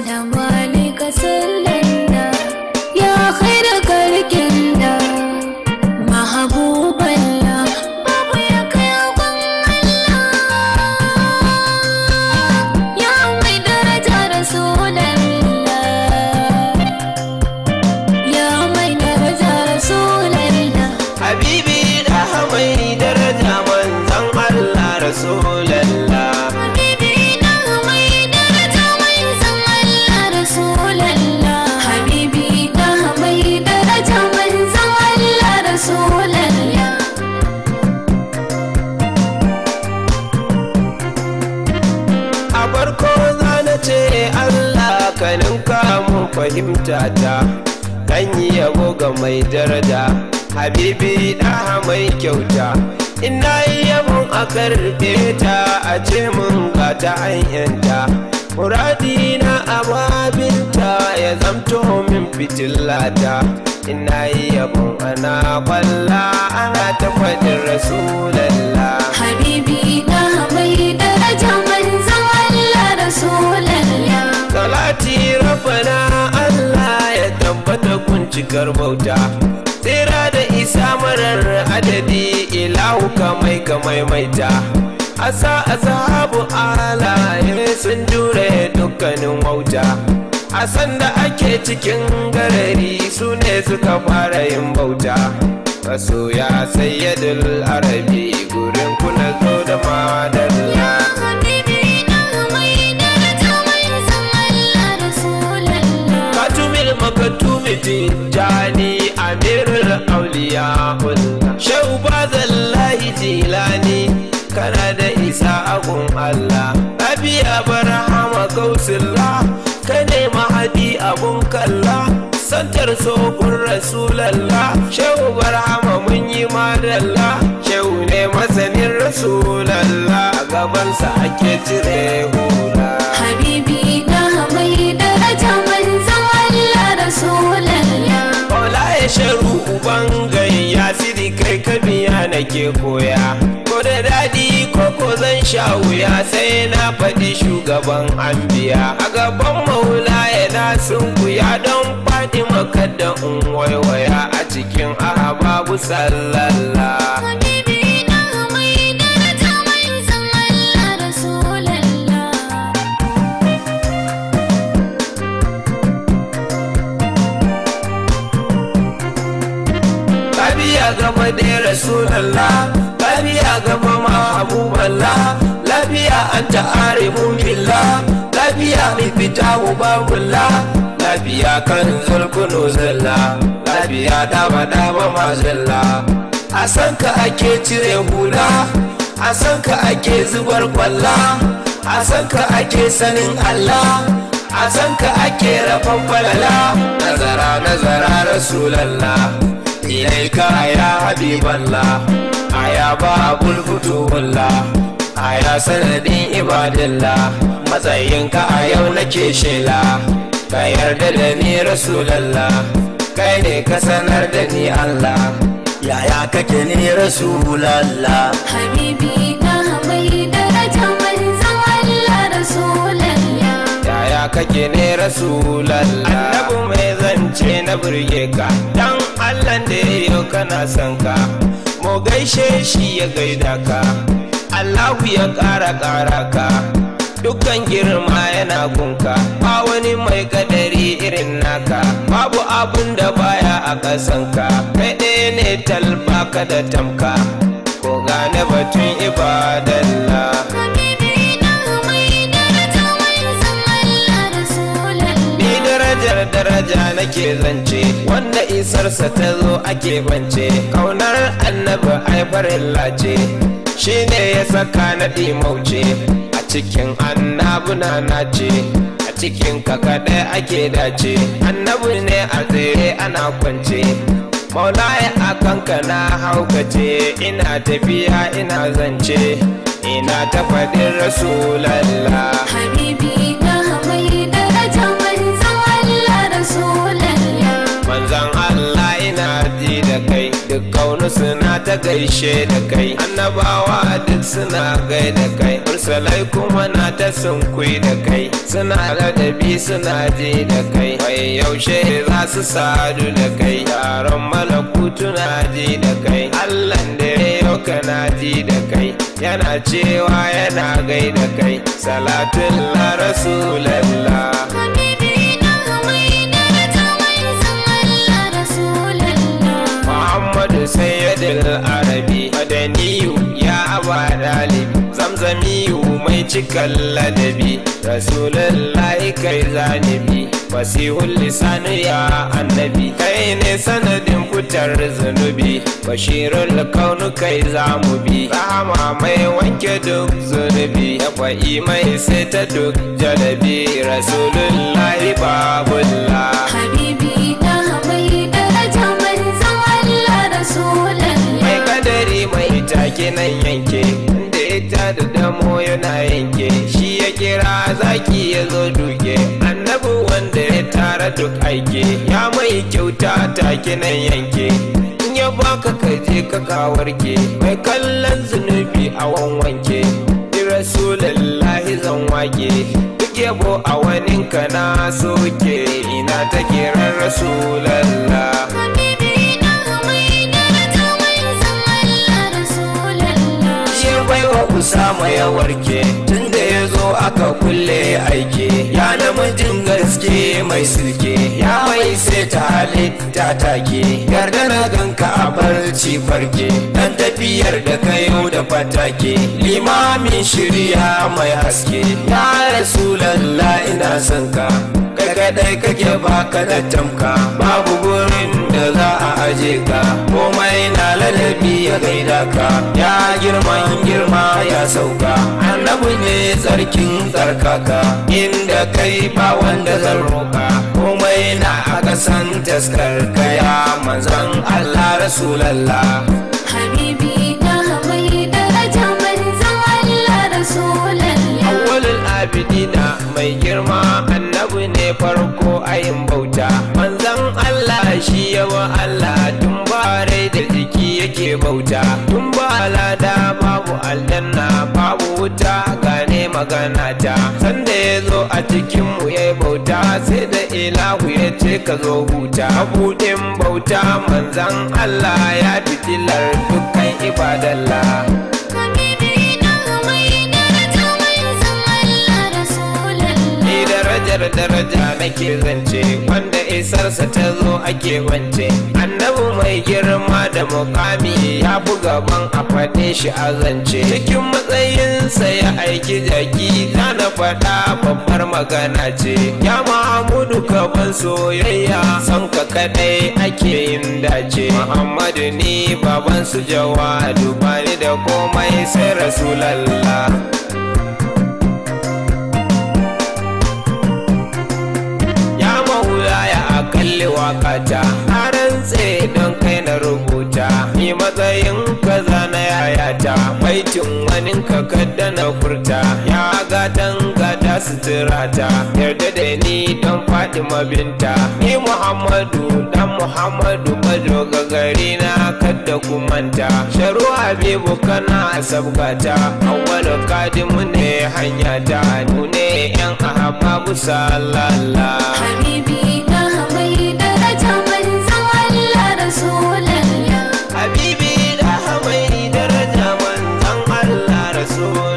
good, I'm ta kan yi yabo ga mai daraja habibi ɗaha mai kyauta ina yi yabo a karfe ta a ce mun gata an yanta muradi na ababinta ya zamto min fitilla ta. ina yi yabo ana kwalla ana ta faɗin rasulalla habibi ɗaha mai daraja manzan Allah rasulalla salati cikar bauta tsira da isa marar adadi ilahu kamai kamai maita asa ala alaye sun jure dukkanin wauta a sanda ake cikin garari su ne suka fara yin bauta masoya sayyadul arabi gurin kuna zo da madalla kana da isa agun Allah abi hama gausillah ka ne mahadi abun kalla santar sokun rasulalla shehu barhama mun yi madalla shehu ne masanin gaban gabansa ake cire hula habibi sha wuya sai na faɗi shugaban anbiya a gaban maula yana sunkuya don faɗi makadda in waiwaya a cikin ahababu sallallahu ya gama da Labiya gaba ma abu balla Labiya an ta'are mun billa Labiya mai fita wa babula Labiya kan zulkuno zalla Labiya dama dama ma zalla a san ka ake cire hula a san ka ake zubar kwalla a san ka ake sanin allah a san ka ake rafan falala nazara nazara rasulallah ilaika ya habiballah ya ba abul walla a ya sanadin ibadillah matsayinka a yau nake shela ka yarda da ni rasulallah kai ne ka sanar da ni allah yaya kake ni rasulallah habibi na mai daraja manzan allah rasulallah yaya kake ne rasulallah annabu mai zance na burge ka dan allah da yau kana son ka mu gaishe shi ya gaida ka Allahu ya ƙara ƙara ka dukkan girma yana gunka ba wani mai kadari irin naka babu abun da baya a ƙasanka kai ɗaya ne talba ka da tamka ko gane batun ibadallah daraja nake zance wanda isarsa ta zo ake bance kaunar annabi haifar lace shi ne ya saka naɗi mauce a cikin annabuna na nace a cikin kakaɗe ake dace annabi ne a tsere ana kwance maulaye a kanka na haukace ina tafiya ina zance ina ta faɗin rasulallah habibi manzan Allah ina ji da kai duk kaunu suna ta gaishe da kai annabawa duk suna gai da kai ursalai kuma na ta sunkui da kai suna ladabi suna ji da kai wai yaushe za su sadu da kai taron malakutu na ji da kai allah da yau na ji da kai yana cewa yana gai da kai salatun la rasulallah abdul arabi madaniyu ya awa dalibi zamzamiyu mai cikan ladabi rasulallah kai zanibi fasihun lisanu ya annabi kai ne sanadin kutar zunubi bashirul kaunu kai zamu bi rahama mai wanke duk zunubi ya fa'i mai sai ta duk jalabi rasulullahi babullah yanke da ita da damo yana yanke shi ya kira zaki ya zo duke annabi wanda ya tara duk aike ya mai kyauta ta nan yanke in ya baka kaje ka kawarke mai kallon zunubi a wanwanke rasulallah zan wake duk yabo a waninka na soke ina take ran rasulallah ya warke tun ya zo aka kulle aiki ya namijin gaske mai silke ya mai sai ta halitta take yarda na ganka a barci farke dan tafiyar da ka yau da fatake limamin shirya mai haske ya rasulallah ina son ka kai kadai kake baka da tamka babu gurin da za a aje ka komai na ladabi ya gaida ka ya girman girma ya sauka annabi ne sarkin tsarkaka inda kai ba wanda zan roka komai na a kasan taskar kaya manzan Allah rasulallah habibi na daraja manzan Allah rasulallah awwalul abidina mai girma annabi ne farko ayin bauta magana ta sanda ya zo a cikin mu ya bauta sai da ilahu ya ce ka zo huta buɗin bauta manzan Allah ya fitilar dukkan ibadallah. na hanyar daraja nake zance wanda isarsa ta zo ake wance annabi mai girma da mukami ya fi gaban a faɗe shi a zance cikin matsayinsa ya aiki jaki za na faɗa babbar magana ce ya mahamudu kaban ban soyayya san ka kaɗai ake yin dace muhammadu ni baban su jawadu bani da komai sai rasulallah wakata haran tse don kai na rubuta ni matsayin kaza na yayata baitin wani kakadda na furta ya gatan gata suturata yarda da ni don fatima binta ni muhammadu dan muhammadu madoga garina na kadda kumanta sharu habibu kana sabgata awwal kadimu ne hanyata nune yan ahababu salala habibi so